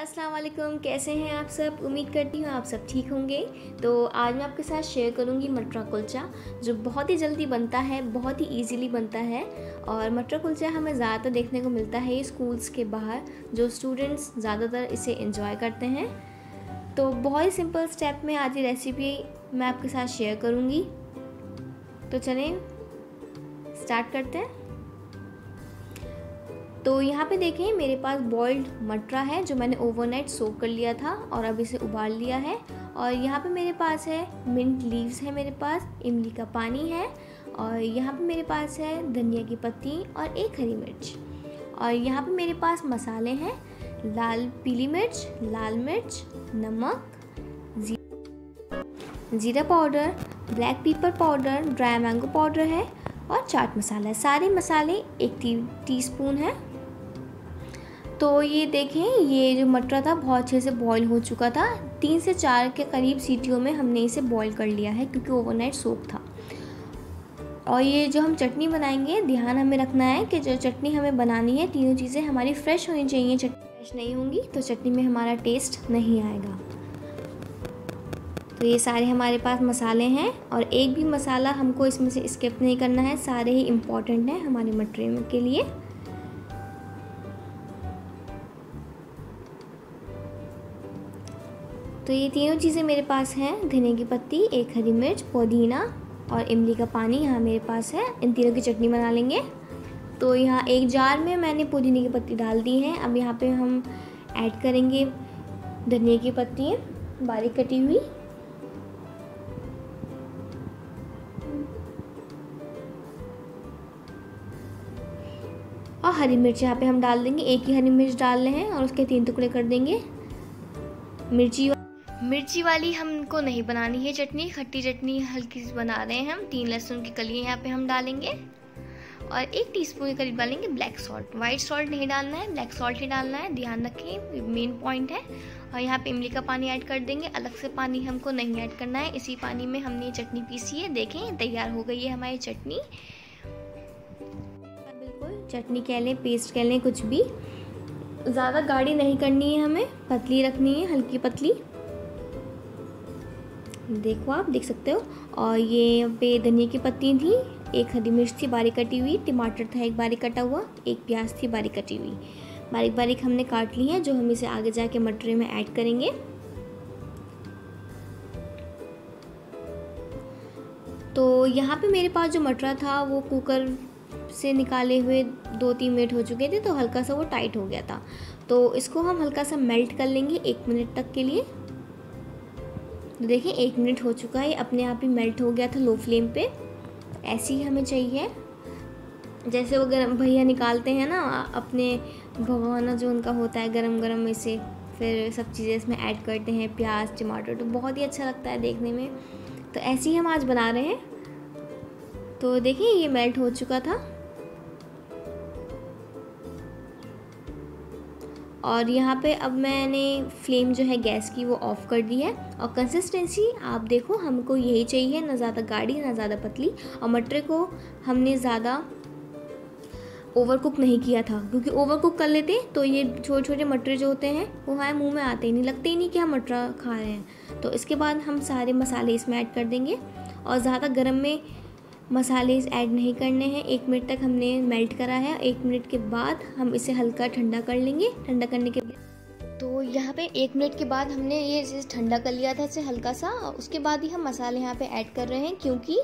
अस्सलाम वालेकुम कैसे हैं आप सब उम्मीद करती हूँ आप सब ठीक होंगे तो आज मैं आपके साथ शेयर करूँगी मटरा कुलचा जो बहुत ही जल्दी बनता है बहुत ही इजीली बनता है और मटरा कुलचा हमें ज़्यादातर देखने को मिलता है स्कूल्स के बाहर जो स्टूडेंट्स ज़्यादातर इसे इंजॉय करते हैं तो बहुत ही सिंपल स्टेप में आज ये रेसिपी मैं आपके साथ शेयर करूँगी तो चलें स्टार्ट करते हैं तो यहाँ पे देखें मेरे पास बॉइल्ड मटरा है जो मैंने ओवरनाइट सोक कर लिया था और अब इसे उबाल लिया है और यहाँ पे मेरे पास है मिंट लीव्स है मेरे पास इमली का पानी है और यहाँ पे मेरे पास है धनिया की पत्ती और एक हरी मिर्च और यहाँ पे मेरे पास मसाले हैं लाल पीली मिर्च लाल मिर्च नमक जीरा powder black pepper powder dry mango powder है और चाट मसाला सारे मसाले एक टी टीस्पून है तो ये देखें ये जो मटरा था बहुत अच्छे से बॉईल हो चुका था तीन से चार के करीब सीटियों में हमने इसे बॉईल कर लिया है क्योंकि ओवरनाइट सोप था और ये जो हम चटनी बनाएंगे ध्यान हमें रखना है कि जो चटनी हमें बनानी है तीनों चीज़ें हमारी फ्रेश होनी चाहिए चटनी फ्रेश नहीं होंगी तो चटनी में हमारा टेस्ट नहीं आएगा तो ये सारे हमारे पास मसाले हैं और एक भी मसाला हमको इसमें से स्किप नहीं करना है सारे ही इम्पॉर्टेंट हैं हमारे मटरे के लिए तो ये तीनों चीज़ें मेरे पास हैं धनिया की पत्ती एक हरी मिर्च पुदीना और इमली का पानी यहाँ मेरे पास है इन तीनों की चटनी बना लेंगे तो यहाँ एक जार में मैंने पुदीने की पत्ती डाल दी है अब यहाँ पे हम ऐड करेंगे धनिया की पत्ती बारीक कटी हुई और हरी मिर्च यहाँ पे हम डाल देंगे एक ही हरी मिर्च डाल रहे हैं और उसके तीन टुकड़े कर देंगे मिर्ची मिर्ची वाली हमको नहीं बनानी है चटनी खट्टी चटनी हल्की सी बना रहे हैं हम तीन लहसुन की कलियाँ यहाँ पे हम डालेंगे और एक टीस्पून के करीब डालेंगे ब्लैक सॉल्ट वाइट सॉल्ट नहीं डालना है ब्लैक सॉल्ट ही डालना है ध्यान रखें मेन पॉइंट है और यहाँ पे इमली का पानी ऐड कर देंगे अलग से पानी हमको नहीं ऐड करना है इसी पानी में हमने ये चटनी पीसी है देखें तैयार हो गई है हमारी चटनी बिल्कुल चटनी कह लें पेस्ट कह लें कुछ भी ज़्यादा गाढ़ी नहीं करनी है हमें पतली रखनी है हल्की पतली देखो आप देख सकते हो और ये पे धनिया की पत्ती थी एक हरी मिर्च थी बारीक कटी हुई टमाटर था एक बारीक कटा हुआ एक प्याज थी बारीक कटी हुई बारीक बारीक हमने काट ली है जो हम इसे आगे जाके मटरे में ऐड करेंगे तो यहाँ पे मेरे पास जो मटरा था वो कुकर से निकाले हुए दो तीन मिनट हो चुके थे तो हल्का सा वो टाइट हो गया था तो इसको हम हल्का सा मेल्ट कर लेंगे एक मिनट तक के लिए तो देखिए एक मिनट हो चुका है अपने आप ही मेल्ट हो गया था लो फ्लेम पे ऐसे ही हमें चाहिए जैसे वो गर्म भैया निकालते हैं ना अपने भगवाना जो उनका होता है गरम गरम में से फिर सब चीज़ें इसमें ऐड करते हैं प्याज टमाटर तो बहुत ही अच्छा लगता है देखने में तो ऐसे ही हम आज बना रहे हैं तो देखिए ये मेल्ट हो चुका था और यहाँ पे अब मैंने फ्लेम जो है गैस की वो ऑफ़ कर दी है और कंसिस्टेंसी आप देखो हमको यही चाहिए ना ज़्यादा गाढ़ी ना ज़्यादा पतली और मटर को हमने ज़्यादा ओवर कुक नहीं किया था क्योंकि ओवर कुक कर लेते तो ये छोटे छोटे मटर जो होते हैं वो हमारे मुंह में आते ही नहीं लगते ही नहीं कि हम मटर खा रहे हैं तो इसके बाद हम सारे मसाले इसमें ऐड कर देंगे और ज़्यादा गर्म में मसाले ऐड नहीं करने हैं एक मिनट तक हमने मेल्ट करा है एक मिनट के बाद हम इसे हल्का ठंडा कर लेंगे ठंडा करने के बाद तो यहाँ पे एक मिनट के बाद हमने ये चीज़ ठंडा कर लिया था इसे हल्का सा उसके बाद ही हम मसाले यहाँ पे ऐड कर रहे हैं क्योंकि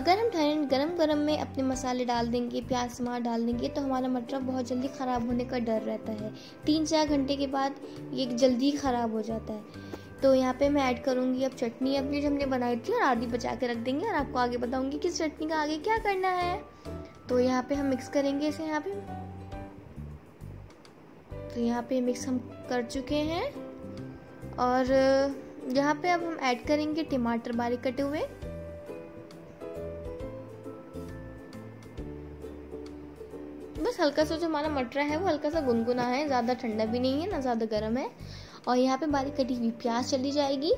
अगर हम ठंड गरम गरम में अपने मसाले डाल देंगे प्याज टमाटर डाल देंगे तो हमारा मटर बहुत जल्दी ख़राब होने का डर रहता है तीन चार घंटे के बाद ये जल्दी ख़राब हो जाता है तो यहाँ पे मैं ऐड करूँगी अब चटनी अपनी जो हमने बनाई थी और आधी बचा के रख देंगे और आपको आगे बताऊँगी किस चटनी का आगे क्या करना है तो यहाँ पे हम मिक्स करेंगे इसे यहाँ पे तो यहाँ पे मिक्स हम कर चुके हैं और यहाँ पे अब हम ऐड करेंगे टमाटर बारीक कटे हुए बस हल्का सा जो हमारा मटरा है वो हल्का सा गुनगुना है ज़्यादा ठंडा भी नहीं है ना ज़्यादा गर्म है और यहाँ पे हमारी कटी हुई प्याज चली जाएगी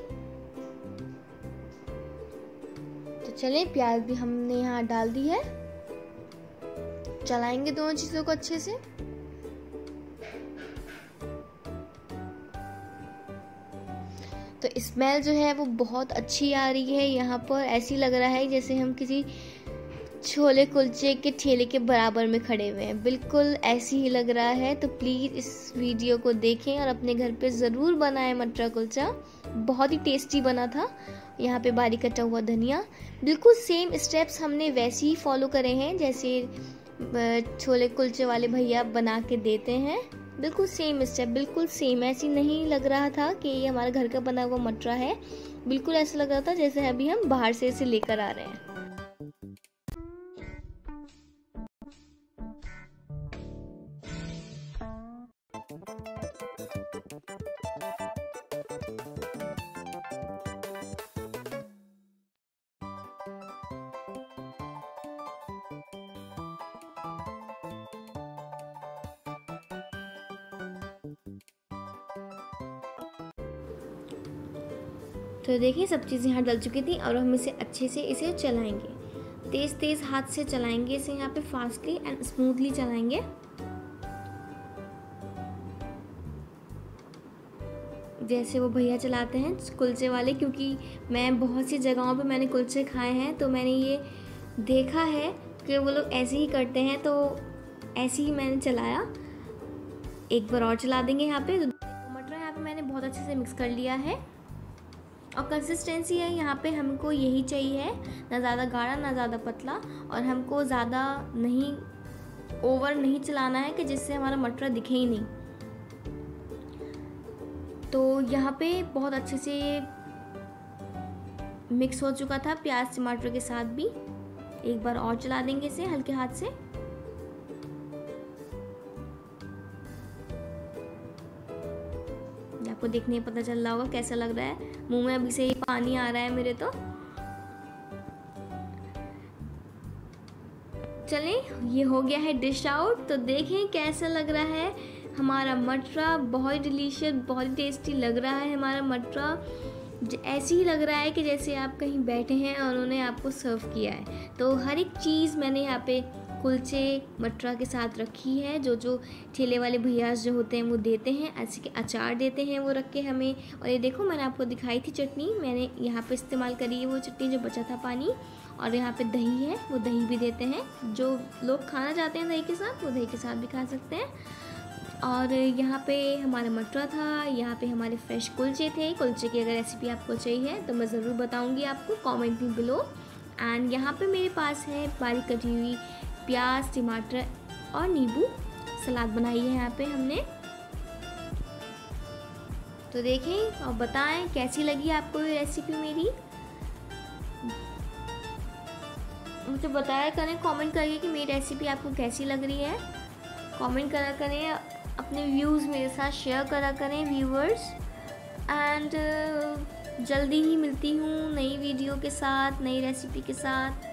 तो चले प्याज भी हमने यहाँ डाल दी है चलाएंगे दोनों चीजों को अच्छे से तो स्मेल जो है वो बहुत अच्छी आ रही है यहाँ पर ऐसी लग रहा है जैसे हम किसी छोले कुलचे के ठेले के बराबर में खड़े हुए हैं बिल्कुल ऐसे ही लग रहा है तो प्लीज़ इस वीडियो को देखें और अपने घर पे ज़रूर बनाएं मटरा कुलचा बहुत ही टेस्टी बना था यहाँ पे बारीक कटा हुआ धनिया बिल्कुल सेम स्टेप्स हमने वैसे ही फॉलो करे हैं जैसे छोले कुलचे वाले भैया बना के देते हैं बिल्कुल सेम स्टेप बिल्कुल सेम ऐसी नहीं लग रहा था कि ये हमारे घर का बना हुआ मटरा है बिल्कुल ऐसा लग रहा था जैसे अभी हम बाहर से इसे लेकर आ रहे हैं तो देखिए सब चीज़ें यहाँ डल चुकी थी और हम इसे अच्छे से इसे चलाएंगे तेज़ तेज़ हाथ से चलाएंगे इसे यहाँ पे फास्टली एंड स्मूथली चलाएंगे जैसे वो भैया चलाते हैं कुलचे वाले क्योंकि मैं बहुत सी जगहों पे मैंने कुलचे खाए हैं तो मैंने ये देखा है कि वो लोग ऐसे ही करते हैं तो ऐसे ही मैंने चलाया एक बार और चला देंगे यहाँ पे तो मटर यहाँ पे मैंने बहुत अच्छे से मिक्स कर लिया है और कंसिस्टेंसी है यहाँ पे हमको यही चाहिए ना ज़्यादा गाढ़ा ना ज़्यादा पतला और हमको ज़्यादा नहीं ओवर नहीं चलाना है कि जिससे हमारा मटर दिखे ही नहीं तो यहाँ पे बहुत अच्छे से मिक्स हो चुका था प्याज टमाटर के साथ भी एक बार और चला देंगे इसे हल्के हाथ से आपको देखने पता चल रहा होगा कैसा लग रहा है मुंह में अभी से ही पानी आ रहा है मेरे तो चलें ये हो गया है डिश आउट तो देखें कैसा लग रहा है हमारा मटरा बहुत ही डिलीशियस बहुत ही टेस्टी लग रहा है हमारा मटरा ऐसे ही लग रहा है कि जैसे आप कहीं बैठे हैं और उन्होंने आपको सर्व किया है तो हर एक चीज़ मैंने यहाँ पे कुलचे मटरा के साथ रखी है जो जो ठेले वाले भैया जो होते हैं वो देते हैं ऐसे के अचार देते हैं वो रख के हमें और ये देखो मैंने आपको दिखाई थी चटनी मैंने यहाँ पे इस्तेमाल करी है वो चटनी जो बचा था पानी और यहाँ पे दही है वो दही भी देते हैं जो लोग खाना चाहते हैं दही के साथ वो दही के साथ भी खा सकते हैं और यहाँ पे हमारा मटरा था यहाँ पे हमारे फ्रेश कुलचे थे कुलचे की अगर रेसिपी आपको चाहिए तो मैं ज़रूर बताऊँगी आपको कॉमेंट में बिलो एंड यहाँ पे मेरे पास है बारीक कटी हुई प्याज टमाटर और नींबू सलाद बनाई है यहाँ पे हमने तो देखें और बताएं कैसी लगी आपको ये रेसिपी मेरी मुझे बताया करें कमेंट करिए कि मेरी रेसिपी आपको कैसी लग रही है कमेंट करा करें अपने व्यूज़ मेरे साथ शेयर करा करें व्यूवर्स एंड जल्दी ही मिलती हूँ नई वीडियो के साथ नई रेसिपी के साथ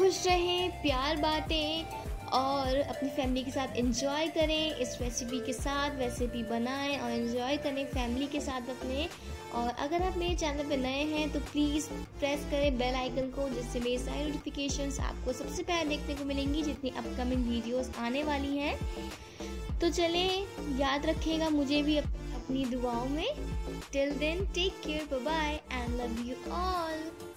खुश रहें प्यार बांटें और अपनी फैमिली के साथ इन्जॉय करें इस रेसिपी के साथ रेसिपी बनाएं और इन्जॉय करें फैमिली के साथ अपने और अगर आप मेरे चैनल पर नए हैं तो प्लीज़ प्रेस करें बेल आइकन को जिससे मेरी सारी नोटिफिकेशंस आपको सबसे पहले देखने को मिलेंगी जितनी अपकमिंग वीडियोस आने वाली हैं तो चलें याद रखिएगा मुझे भी अपनी दुआओं में till then take care bye and love you all